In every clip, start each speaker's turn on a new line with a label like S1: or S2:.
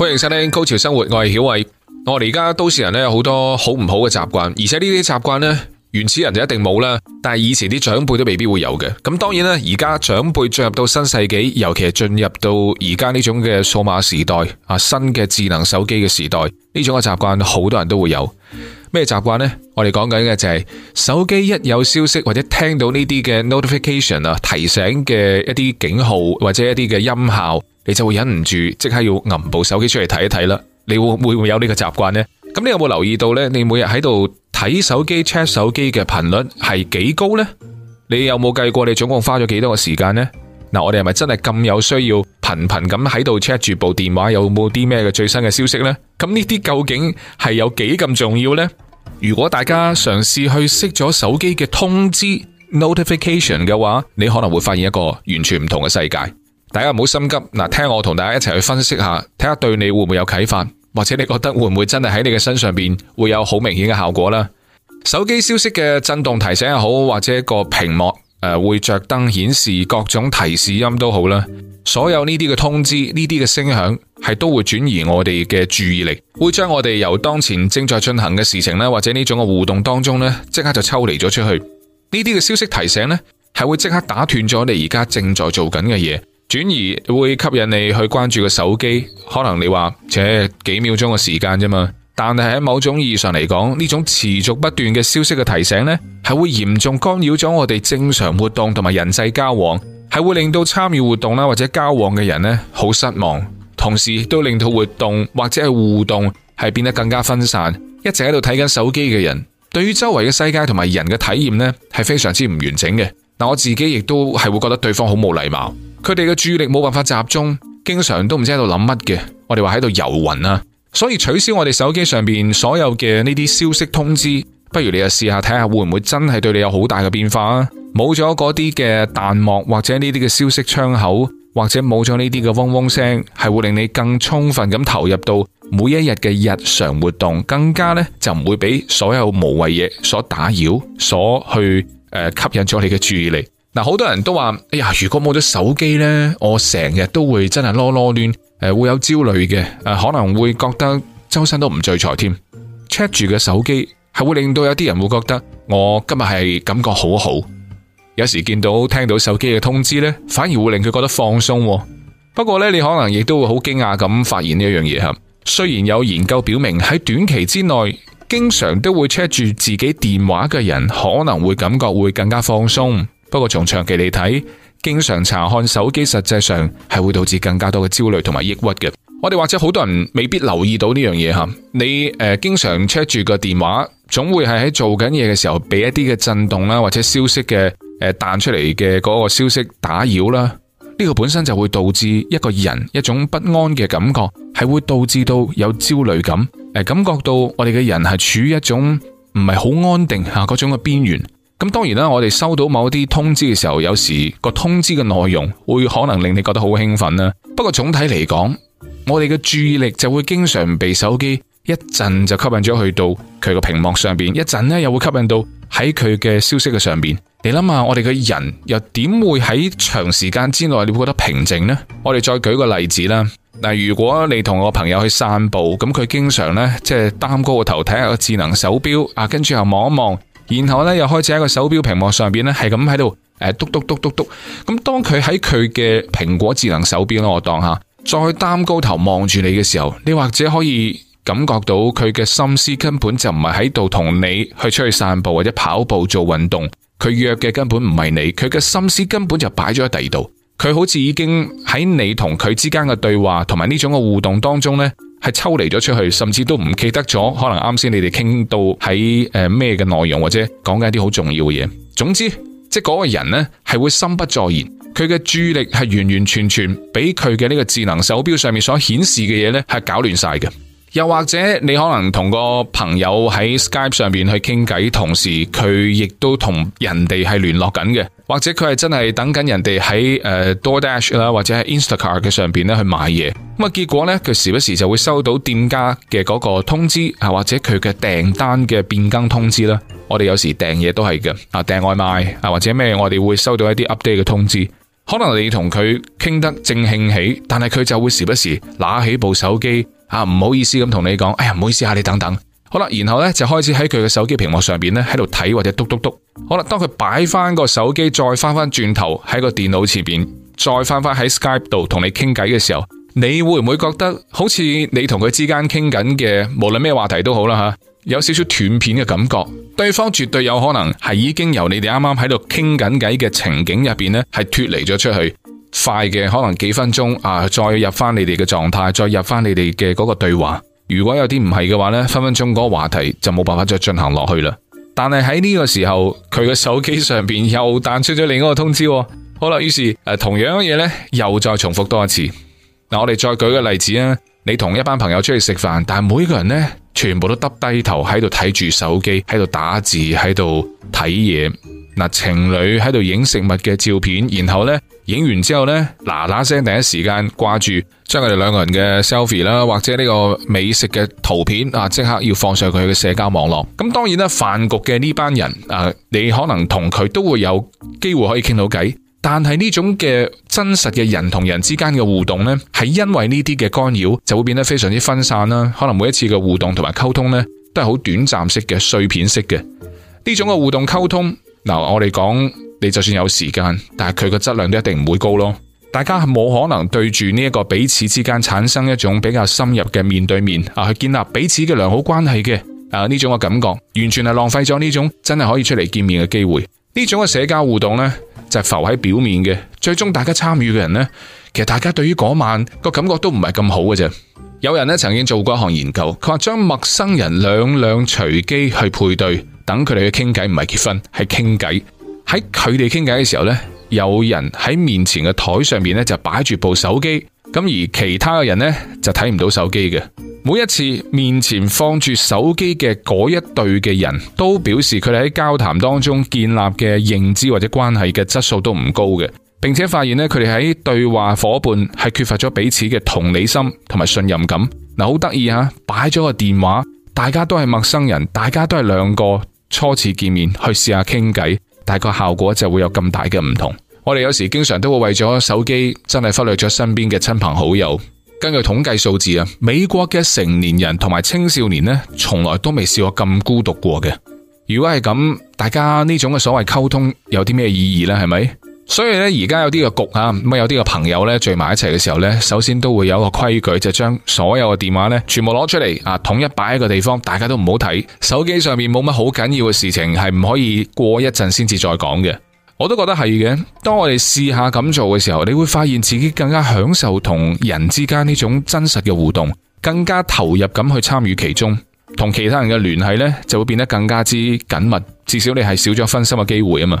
S1: 歡迎收聽《高潮生活》，我曉，我係曉偉。我哋而家都市人咧，有很多很好多好唔好嘅習慣，而且呢啲習慣咧，原始人就一定冇啦。但係以前啲長輩都未必會有嘅。咁當然啦，而家長輩進入到新世紀，尤其係進入到而家呢種嘅數碼時代啊，新嘅智能手機嘅時代，呢種嘅習慣好多人都會有。咩習慣咧？我哋講緊嘅就係手機一有消息或者聽到呢啲嘅 notification 啊，提醒嘅一啲警號或者一啲嘅音效。你就會忍唔住即刻要揞部手機出嚟睇一睇啦。你會會唔會有呢個習慣呢？咁你有冇留意到呢？你每日喺度睇手機、check 手機嘅頻率係幾高呢？你有冇計過你總共花咗幾多個時間呢？嗱，我哋係咪真係咁有需要頻頻咁喺度 check 住部電話有冇啲咩嘅最新嘅消息呢？咁呢啲究竟係有幾咁重要呢？如果大家嘗試去熄咗手機嘅通知 notification 嘅話，你可能會發現一個完全唔同嘅世界。大家唔好心急嗱，聽我同大家一齊去分析下，睇下對你會唔會有啟發，或者你覺得會唔會真係喺你嘅身上邊會有好明顯嘅效果啦？手機消息嘅震動提醒又好，或者個屏幕，誒會着燈顯示各種提示音都好啦。所有呢啲嘅通知，呢啲嘅聲響係都會轉移我哋嘅注意力，會將我哋由當前正在進行嘅事情咧，或者呢種嘅互動當中咧，即刻就抽離咗出去。呢啲嘅消息提醒咧，係會即刻打斷咗你而家正在做緊嘅嘢。轉移會吸引你去關注個手機，可能你話，只幾秒鐘嘅時間啫嘛。但係喺某種意義上嚟講，呢種持續不斷嘅消息嘅提醒呢，係會嚴重干擾咗我哋正常活動同埋人際交往，係會令到參與活動啦或者交往嘅人呢好失望，同時都令到活動或者係互動係變得更加分散。一直喺度睇緊手機嘅人，對於周圍嘅世界同埋人嘅體驗呢，係非常之唔完整嘅。嗱，我自己亦都係會覺得對方好冇禮貌。佢哋嘅注意力冇辦法集中，經常都唔知喺度諗乜嘅。我哋話喺度遊魂啦，啊，所以取消我哋手機上面所有嘅呢啲消息通知，不如你又試下睇下會唔會真係對你有好大嘅變化啊？冇咗嗰啲嘅彈幕或者呢啲嘅消息窗口，或者冇咗呢啲嘅嗡嗡聲，係會令你更充分咁投入到每一日嘅日常活動，更加呢就唔會俾所有無謂嘢所打擾，所去，呃、吸引咗你嘅注意力。嗱，好多人都話，哎呀，如果冇咗手機呢，我成日都會真係囉囉亂，誒會有焦慮嘅，誒可能會覺得周身都唔聚財添。check 住嘅手機係會令到有啲人會覺得我今日係感覺好好，有時見到聽到手機嘅通知呢，反而會令佢覺得放鬆。不過呢，你可能亦都會好驚訝咁發現呢一樣嘢，吓雖然有研究表明喺短期之內，經常都會 check 住自己電話嘅人，可能會感覺會更加放鬆。不過從長期嚟睇，經常查看手機實際上係會導致更加多嘅焦慮同埋抑鬱嘅。我哋或者好多人未必留意到呢樣嘢，你誒、呃、經常 check 住個電話，總會係喺做緊嘢嘅時候，俾一啲嘅震動啦，或者消息嘅誒、呃、彈出嚟嘅嗰個消息打擾啦。呢、這個本身就會導致一個人一種不安嘅感覺，係會導致到有焦慮感，呃、感覺到我哋嘅人係處於一種唔係好安定吓嗰種嘅邊緣。咁當然啦，我哋收到某一啲通知嘅時候，有時個通知嘅內容會可能令你覺得好興奮啦。不過總體嚟講，我哋嘅注意力就會經常被手機一陣就吸引咗去到佢個屏幕上邊，一陣呢又會吸引到喺佢嘅消息嘅上邊。你諗下，我哋嘅人又點會喺長時間之內你會覺得平靜呢？我哋再舉個例子啦，嗱，如果你同我個朋友去散步，咁佢經常呢，即係擔高個頭睇下個智能手錶啊，跟住又望一望。然後咧，又開始喺個手表屏幕上邊咧，係咁喺度誒，嘟嘟嘟嘟嘟。咁當佢喺佢嘅蘋果智能手錶咯，我當下，再去擔高頭望住你嘅時候，你或者可以感覺到佢嘅心思根本就唔係喺度同你去出去散步或者跑步做運動。佢約嘅根本唔係你，佢嘅心思根本就擺咗喺第二度。佢好似已經喺你同佢之間嘅對話同埋呢種嘅互動當中咧，係抽離咗出去，甚至都唔記得咗。可能啱先你哋傾到喺誒咩嘅內容，或者講緊一啲好重要嘅嘢。總之，即係嗰個人呢係會心不在焉，佢嘅注意力係完完全全俾佢嘅呢個智能手表上面所顯示嘅嘢咧係搞亂晒嘅。又或者你可能同個朋友喺 Skype 上面去傾偈，同時佢亦都同人哋係聯絡緊嘅，或者佢係真係等緊人哋喺誒 DoorDash 啦，或者係 Instacart 嘅上邊咧去買嘢。咁啊，結果呢，佢時不時就會收到店家嘅嗰個通知啊，或者佢嘅訂單嘅變更通知啦。我哋有時訂嘢都係嘅啊，訂外賣啊，或者咩，我哋會收到一啲 update 嘅通知。可能你同佢傾得正興起，但係佢就會時不時拿起部手機。啊，唔好意思咁同你講，哎呀，唔好意思吓、啊、你，等等，好啦，然後咧就開始喺佢嘅手機屏幕上邊咧喺度睇或者嘟嘟嘟，好啦，當佢擺翻個手機再翻翻轉頭喺個電腦前邊，再翻翻喺 Skype 度同你傾偈嘅時候，你會唔會覺得好似你同佢之間傾緊嘅無論咩話題都好啦吓，有少少斷片嘅感覺，對方絕對有可能係已經由你哋啱啱喺度傾緊偈嘅情景入邊咧係脱離咗出去。快嘅可能幾分鐘啊，再入翻你哋嘅狀態，再入翻你哋嘅嗰個對話。如果有啲唔係嘅話呢，分分鐘嗰個話題就冇辦法再進行落去啦。但係喺呢個時候，佢嘅手機上邊又彈出咗另一個通知，哦。好啦，於是誒、啊、同樣嘅嘢呢，又再重複多一次。嗱、啊，我哋再舉個例子啊，你同一班朋友出去食飯，但係每個人呢，全部都耷低頭喺度睇住手機，喺度打字，喺度睇嘢。嗱、啊，情侶喺度影食物嘅照片，然後呢。影完之後呢，嗱嗱聲第一時間掛住將佢哋兩個人嘅 selfie 啦，或者呢個美食嘅圖片啊，即刻要放上佢嘅社交網絡。咁當然啦，飯局嘅呢班人誒，你可能同佢都會有機會可以傾到偈，但係呢種嘅真實嘅人同人之間嘅互動呢，係因為呢啲嘅干擾，就會變得非常之分散啦。可能每一次嘅互動同埋溝通呢，都係好短暫式嘅碎片式嘅呢種嘅互動溝通。嗱，我哋講。你就算有時間，但係佢個質量都一定唔會高咯。大家係冇可能對住呢一個彼此之間產生一種比較深入嘅面對面啊，去建立彼此嘅良好關係嘅啊呢種嘅感覺，完全係浪費咗呢種真係可以出嚟見面嘅機會。呢種嘅社交互動呢，就浮喺表面嘅，最終大家參與嘅人呢，其實大家對於嗰晚個感覺都唔係咁好嘅。啫，有人咧曾經做過一項研究，佢話將陌生人兩兩隨機去配對，等佢哋去傾偈，唔係結婚，係傾偈。喺佢哋傾偈嘅時候呢，有人喺面前嘅枱上面呢就擺住部手機，咁而其他嘅人呢，就睇唔到手機嘅。每一次面前放住手機嘅嗰一對嘅人，都表示佢哋喺交談當中建立嘅認知或者關係嘅質素都唔高嘅，並且發現呢，佢哋喺對話夥伴係缺乏咗彼此嘅同理心同埋信任感。嗱，好得意吓，擺咗個電話，大家都係陌生人，大家都係兩個初次見面去試下傾偈。但個效果就會有咁大嘅唔同。我哋有時經常都會為咗手機，真係忽略咗身邊嘅親朋好友。根據統計數字啊，美國嘅成年人同埋青少年呢，從來都未試過咁孤獨過嘅。如果係咁，大家呢種嘅所謂溝通有啲咩意義呢？係咪？所以咧，而家有啲個局啊，咁有啲個朋友咧聚埋一齊嘅時候咧，首先都會有個規矩，就將所有嘅電話咧全部攞出嚟啊，統一擺喺個地方，大家都唔好睇手機上面冇乜好緊要嘅事情，係唔可以過一陣先至再講嘅。我都覺得係嘅。當我哋試下咁做嘅時候，你會發現自己更加享受同人之間呢種真實嘅互動，更加投入咁去參與其中，同其他人嘅聯繫呢就會變得更加之緊密。至少你係少咗分心嘅機會啊嘛。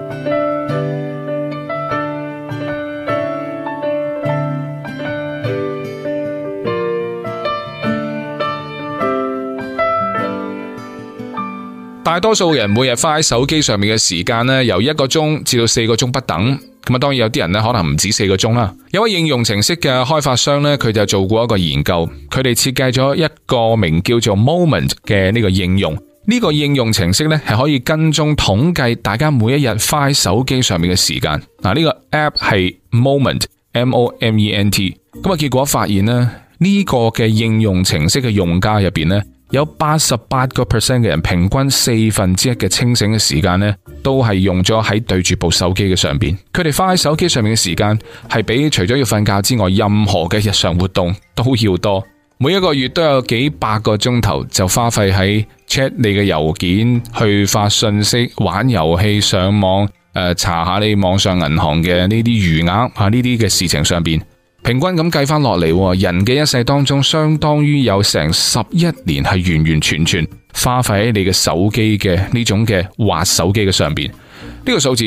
S1: 大多數人每日花喺手機上面嘅時間咧，由一個鐘至到四個鐘不等。咁啊，當然有啲人咧可能唔止四個鐘啦。有位應用程式嘅開發商咧，佢就做過一個研究，佢哋設計咗一個名叫做 Moment 嘅呢個應用。呢個應用程式咧係可以跟蹤統計大家每一日花喺手機上面嘅時間。嗱，呢個 App 係 Moment，M-O-M-E-N-T。咁啊，結果發現咧，呢個嘅應用程式嘅用家入邊咧。有八十八個 percent 嘅人，平均四分之一嘅清醒嘅時間呢，都係用咗喺對住部手機嘅上邊。佢哋花喺手機上面嘅時間，係比除咗要瞓覺之外，任何嘅日常活動都要多。每一個月都有幾百個鐘頭就花費喺 check 你嘅郵件、去發信息、玩遊戲、上網、誒查下你網上銀行嘅呢啲餘額啊呢啲嘅事情上邊。平均咁計翻落嚟，人嘅一世當中，相當於有成十一年係完完全全花費喺你嘅手機嘅呢種嘅滑手機嘅上邊。呢個數字，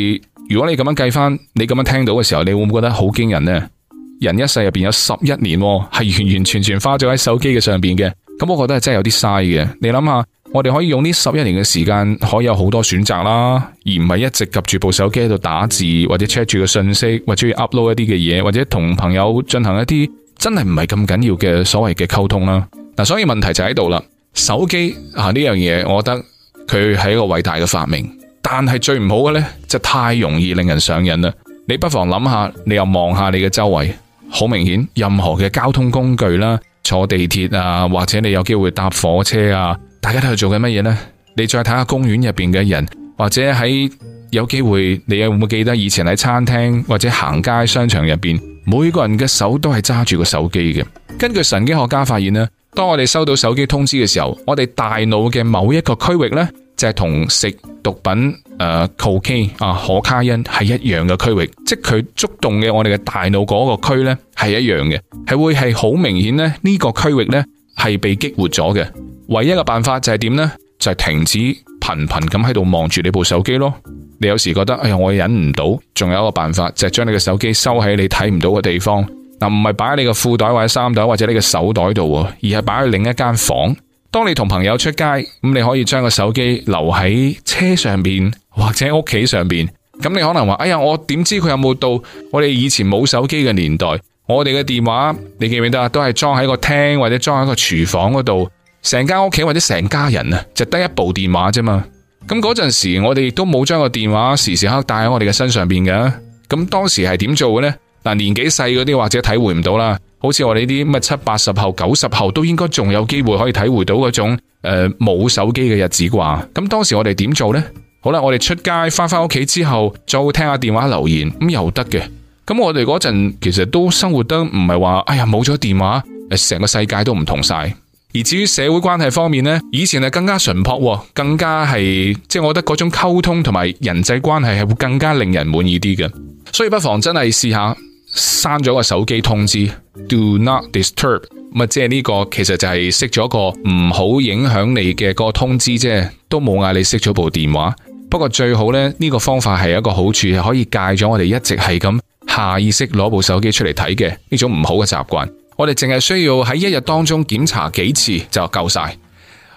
S1: 如果你咁樣計翻，你咁樣聽到嘅時候，你會唔會覺得好驚人呢？人一世入邊有十一年係完完全全花咗喺手機嘅上邊嘅，咁我覺得係真係有啲嘥嘅。你諗下。我哋可以用呢十一年嘅時間，可以有好多選擇啦，而唔係一直及住部手機喺度打字，或者 check 住個信息，或者 upload 一啲嘅嘢，或者同朋友進行一啲真係唔係咁緊要嘅所謂嘅溝通啦。嗱，所以問題就喺度啦。手機啊呢樣嘢，我覺得佢係一個偉大嘅發明，但係最唔好嘅呢，就太容易令人上癮啦。你不妨諗下，你又望下你嘅周圍，好明顯，任何嘅交通工具啦，坐地鐵啊，或者你有機會搭火車啊。大家都係做緊乜嘢呢？你再睇下公園入邊嘅人，或者喺有機會，你有冇記得以前喺餐廳或者行街商場入邊，每個人嘅手都係揸住個手機嘅。根據神經學家發現呢，當我哋收到手機通知嘅時候，我哋大腦嘅某一個區域呢，就係、是、同食毒品誒，K O K 啊，可卡因係一樣嘅區域，即係佢觸動嘅我哋嘅大腦嗰個區呢，係一樣嘅，係會係好明顯呢，呢個區域呢，係被激活咗嘅。唯一嘅辦法就係點呢？就係、是、停止頻頻咁喺度望住你部手機咯。你有時覺得，哎呀，我忍唔到。仲有一個辦法就係、是、將你嘅手機收喺你睇唔到嘅地方。嗱，唔係擺喺你嘅褲袋或者衫袋或者你嘅手袋度啊，而係擺喺另一間房間。當你同朋友出街，咁你可以將個手機留喺車上邊或者屋企上邊。咁你可能話，哎呀，我點知佢有冇到？我哋以前冇手機嘅年代，我哋嘅電話你記唔記得都係裝喺個廳或者裝喺個廚房嗰度。成間屋企或者成家人啊，就得一部電話啫嘛。咁嗰陣時，我哋都冇將個電話時時刻帶喺我哋嘅身上邊嘅。咁當時係點做嘅呢？嗱，年紀細嗰啲或者體會唔到啦。好似我哋呢啲乜七八十後、九十後，都應該仲有機會可以體會到嗰種誒冇、呃、手機嘅日子啩。咁當時我哋點做呢？好啦，我哋出街翻翻屋企之後，再會聽下電話留言咁又得嘅。咁我哋嗰陣其實都生活得唔係話，哎呀冇咗電話，成個世界都唔同晒。而至於社會關係方面咧，以前係更加淳樸，更加係即係，即係、我覺得嗰種溝通同埋人際關係係會更加令人滿意啲嘅。所以不妨真係試下刪咗個手機通知，Do Not Disturb、呢個。咁即係呢個其實就係熄咗個唔好影響你嘅個通知啫，都冇嗌你熄咗部電話。不過最好呢，呢、呢個方法係一個好處，係可以戒咗我哋一直係咁下意識攞部手機出嚟睇嘅呢種唔好嘅習慣。我哋淨係需要喺一日當中檢查幾次就夠晒。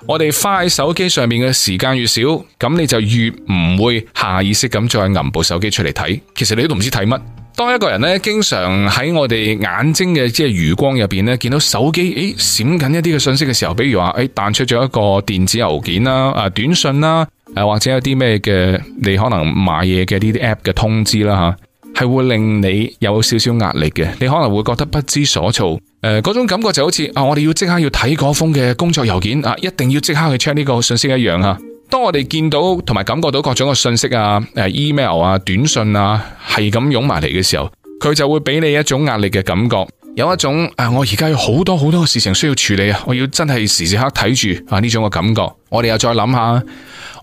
S1: 我哋花喺手機上面嘅時間越少，咁你就越唔會下意識咁再揞部手機出嚟睇。其實你都唔知睇乜。當一個人咧，經常喺我哋眼睛嘅即係餘光入邊咧，見到手機誒閃緊一啲嘅信息嘅時候，比如話誒彈出咗一個電子郵件啦、啊短信啦，誒或者有啲咩嘅你可能買嘢嘅呢啲 app 嘅通知啦吓。係會令你有少少壓力嘅，你可能會覺得不知所措。誒、呃，嗰種感覺就好似啊，我哋要即刻要睇嗰封嘅工作郵件啊，一定要即刻去 check 呢個信息一樣啊。當我哋見到同埋感覺到各種嘅信息啊、誒、啊、email 啊、短信啊係咁湧埋嚟嘅時候，佢就會俾你一種壓力嘅感覺。有一種誒、啊，我而家有好多好多嘅事情需要處理啊！我要真係時時刻睇住啊，呢種嘅感覺。我哋又再諗下，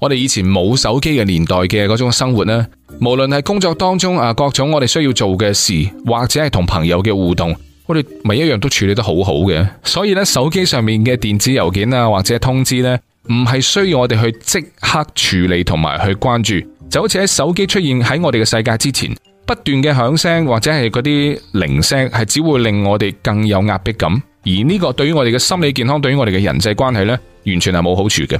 S1: 我哋以前冇手機嘅年代嘅嗰種生活呢，無論係工作當中啊、各種我哋需要做嘅事，或者係同朋友嘅互動，我哋咪一樣都處理得好好嘅。所以呢，手機上面嘅電子郵件啊，或者通知呢，唔係需要我哋去即刻處理同埋去關注，就好似喺手機出現喺我哋嘅世界之前，不斷嘅響聲或者係嗰啲鈴聲，係只會令我哋更有壓迫感，而呢個對於我哋嘅心理健康，對於我哋嘅人際關係呢，完全係冇好處嘅。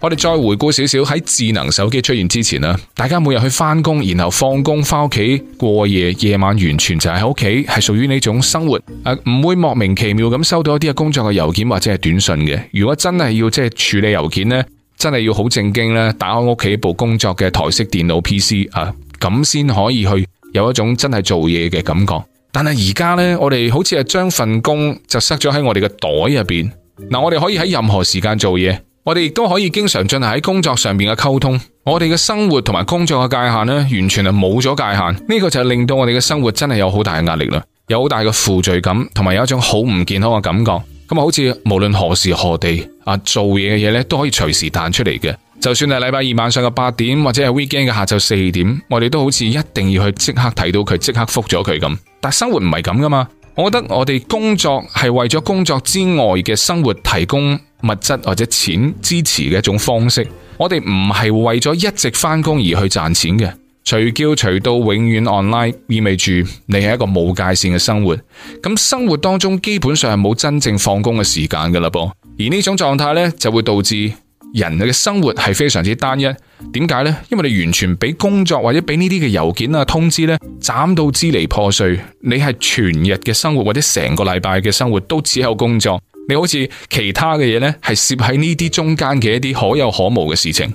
S1: 我哋再回顧少少喺智能手機出現之前啦，大家每日去翻工，然後放工翻屋企過夜，夜晚完全就係喺屋企，係屬於呢種生活，誒唔會莫名其妙咁收到一啲嘅工作嘅郵件或者係短信嘅。如果真係要即係處理郵件呢，真係要好正經咧，打開屋企部工作嘅台式電腦 PC 啊，咁先可以去有一種真係做嘢嘅感覺，但係而家呢，我哋好似係將份工就塞咗喺我哋嘅袋入邊。嗱，我哋可以喺任何時間做嘢，我哋亦都可以經常進行喺工作上面嘅溝通。我哋嘅生活同埋工作嘅界限呢，完全係冇咗界限。呢個就令到我哋嘅生活真係有好大嘅壓力啦，有好大嘅負罪感，同埋有一種好唔健康嘅感覺。咁啊，好似無論何時何地啊，做嘢嘅嘢咧，都可以隨時彈出嚟嘅。就算係禮拜二晚上嘅八點，或者係 weekend 嘅下晝四點，我哋都好似一定要去即刻睇到佢，即刻覆咗佢咁。但生活唔係咁噶嘛？我覺得我哋工作係為咗工作之外嘅生活提供物質或者錢支持嘅一種方式。我哋唔係為咗一直返工而去賺錢嘅。隨叫隨到，永遠 online，意味住你係一個冇界線嘅生活。咁生活當中基本上係冇真正放工嘅時間噶啦噃。而呢種狀態呢，就會導致。人嘅生活係非常之單一，點解呢？因為你完全俾工作或者俾呢啲嘅郵件啊通知，呢，斬到支離破碎。你係全日嘅生活或者成個禮拜嘅生活都只有工作，你好似其他嘅嘢，呢，係攝喺呢啲中間嘅一啲可有可無嘅事情。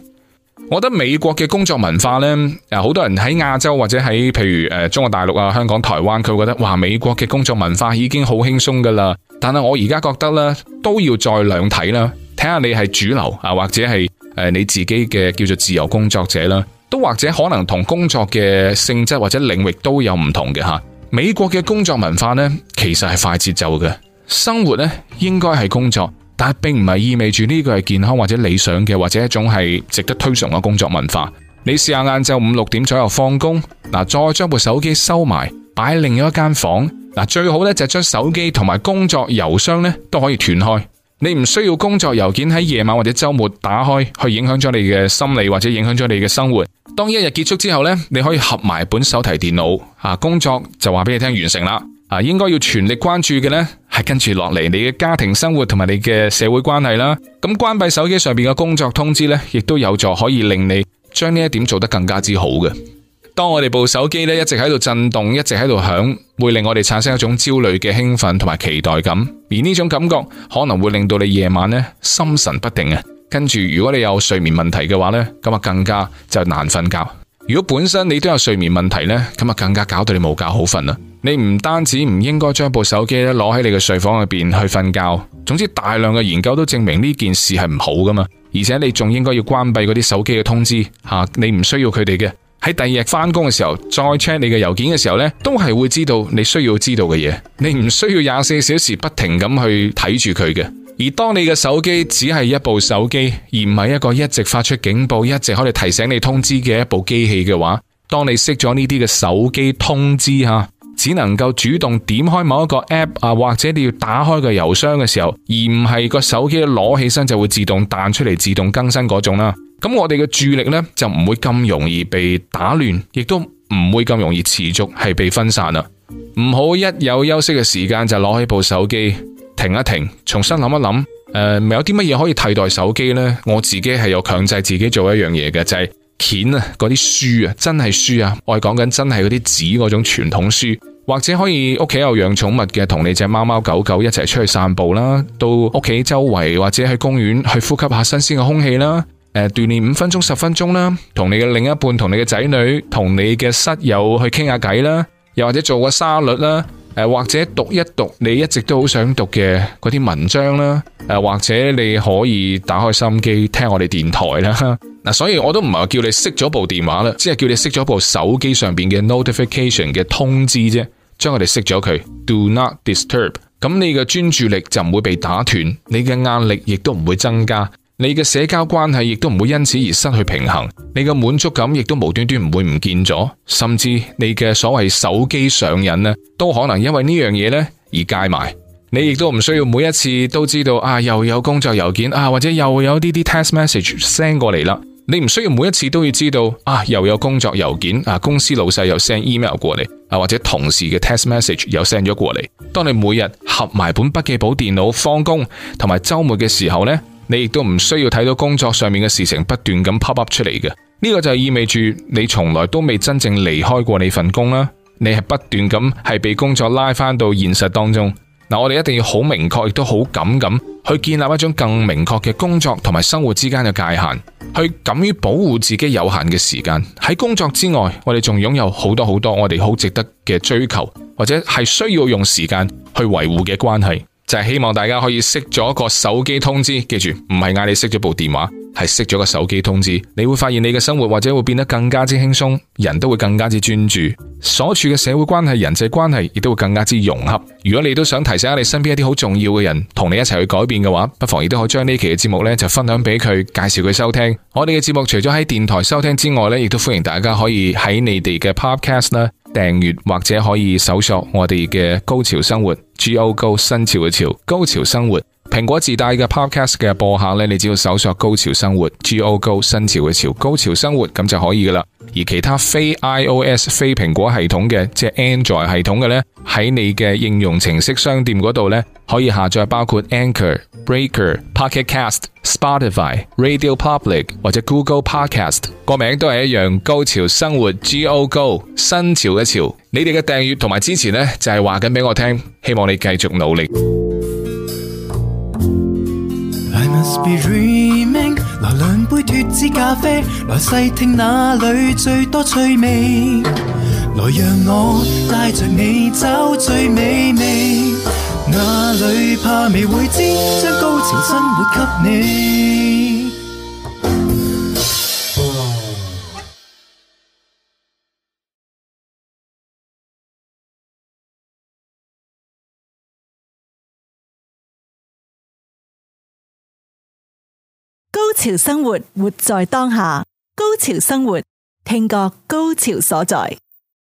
S1: 我覺得美國嘅工作文化呢，好多人喺亞洲或者喺譬如，誒中國大陸啊、香港台灣，佢覺得哇美國嘅工作文化已經好輕鬆噶啦，但係我而家覺得呢，都要再量體啦。睇下你係主流啊，或者係誒你自己嘅叫做自由工作者啦，都或者可能同工作嘅性質或者領域都有唔同嘅嚇。美國嘅工作文化咧，其實係快節奏嘅生活咧，應該係工作，但係並唔係意味住呢個係健康或者理想嘅，或者一種係值得推崇嘅工作文化。你試下晏晝五六點左右放工，嗱再將部手機收埋，擺喺另一間房，嗱最好咧就將手機同埋工作郵箱咧都可以斷開。你唔需要工作郵件喺夜晚或者周末打開，去影響咗你嘅心理或者影響咗你嘅生活。當一日結束之後咧，你可以合埋本手提電腦，啊工作就話俾你聽完成啦。啊，應該要全力關注嘅呢係跟住落嚟你嘅家庭生活同埋你嘅社會關係啦。咁關閉手機上邊嘅工作通知呢，亦都有助可以令你將呢一點做得更加之好嘅。當我哋部手機一直喺度震動，一直喺度響，會令我哋產生一種焦慮嘅興奮同埋期待感，而呢種感覺可能會令到你夜晚心神不定。跟住，如果你有睡眠問題嘅話咧，咁更加就難瞓覺。如果本身你都有睡眠問題咧，咁更加搞到你冇覺好瞓。你唔單止唔應該將部手機咧攞喺你嘅睡房入面去瞓覺，總之大量嘅研究都證明呢件事係唔好噶嘛。而且你仲應該要關閉嗰啲手機嘅通知，你唔需要佢哋嘅。喺第二日返工嘅時候，再 check 你嘅郵件嘅時候呢，都係會知道你需要知道嘅嘢。你唔需要廿四小時不停咁去睇住佢嘅。而當你嘅手機只係一部手機，而唔係一個一直發出警報、一直可以提醒你通知嘅一部機器嘅話，當你熄咗呢啲嘅手機通知吓。只能夠主動點開某一個 app 啊，或者你要打開個郵箱嘅時候，而唔係個手機攞起身就會自動彈出嚟，自動更新嗰種啦。咁我哋嘅注意力呢，就唔會咁容易被打亂，亦都唔會咁容易持續係被分散啦。唔好一有休息嘅時間就攞起部手機，停一停，重新諗一諗，誒、呃，咪有啲乜嘢可以替代手機呢？我自己係有強制自己做一樣嘢嘅，就係、是。鉗啊，嗰啲書啊，真係書啊，我講緊真係嗰啲紙嗰種傳統書，或者可以屋企有養寵物嘅，同你隻貓貓狗狗一齊出去散步啦，到屋企周圍或者去公園去呼吸下新鮮嘅空氣啦，誒、呃，鍛煉五分鐘、十分鐘啦，同你嘅另一半、同你嘅仔女、同你嘅室友去傾下偈啦，又或者做個沙律啦。誒，或者讀一讀你一直都好想讀嘅嗰啲文章啦，誒，或者你可以打開心機聽我哋電台啦。嗱， 所以我都唔係話叫你熄咗部電話啦，只係叫你熄咗部手機上邊嘅 notification 嘅通知啫，將我哋熄咗佢，do not disturb。咁你嘅專注力就唔會被打斷，你嘅壓力亦都唔會增加。你嘅社交關係亦都唔會因此而失去平衡，你嘅滿足感亦都無端端唔會唔見咗，甚至你嘅所謂手機上癮呢，都可能因為呢樣嘢咧而戒埋。你亦都唔需要每一次都知道啊，又有工作郵件啊，或者又有呢啲 text message send 過嚟啦。你唔需要每一次都要知道啊，又有工作郵件啊，公司老細又 send email 過嚟啊，或者同事嘅 text message 又 send 咗過嚟。當你每日合埋本筆記簿電腦、放工同埋周末嘅時候呢。你亦都唔需要睇到工作上面嘅事情不斷咁 pop up 出嚟嘅，呢個就意味住你從來都未真正離開過你份工啦。你係不斷咁，係被工作拉翻到現實當中。嗱，我哋一定要好明確，亦都好敢咁去建立一種更明確嘅工作同埋生活之間嘅界限，去敢於保護自己有限嘅時間。喺工作之外，我哋仲擁有好多好多我哋好值得嘅追求，或者係需要用時間去維護嘅關係。就係希望大家可以熄咗個手機通知，記住唔係嗌你熄咗部電話，係熄咗個手機通知。你會發現你嘅生活或者會變得更加之輕鬆，人都會更加之專注，所處嘅社會關係、人際關係亦都會更加之融合。如果你都想提醒下你身邊一啲好重要嘅人同你一齊去改變嘅話，不妨亦都可以將呢期嘅節目呢就分享俾佢，介紹佢收聽。我哋嘅節目除咗喺電台收聽之外呢，亦都歡迎大家可以喺你哋嘅 Podcast 訂閱或者可以搜索我哋嘅高潮生活，Go Go 新潮嘅潮，高潮生活。蘋果自帶嘅 Podcast 嘅播客。你只要搜索高潮生活，Go Go 新潮嘅潮，高潮生活咁就可以噶啦。而其他非 iOS、非蘋果系統嘅，即係 Android 系統嘅呢，喺你嘅應用程式商店嗰度咧，可以下載包括 Anchor。Breaker Pocket Cast、Spotify、Radio Public 或者 Google Podcast 個名都係一樣，高潮生活 Go Go 新潮嘅潮，你哋嘅訂閱同埋支持呢，就係話緊俾我聽，希望你繼續努力。來兩杯脫脂咖啡，來細聽哪裏最多趣味，來讓我帶着你走最美味，味。哪裏怕未會知？將高潮生活給你。高潮生活，活在當下。高潮生活，聽覺高潮所在。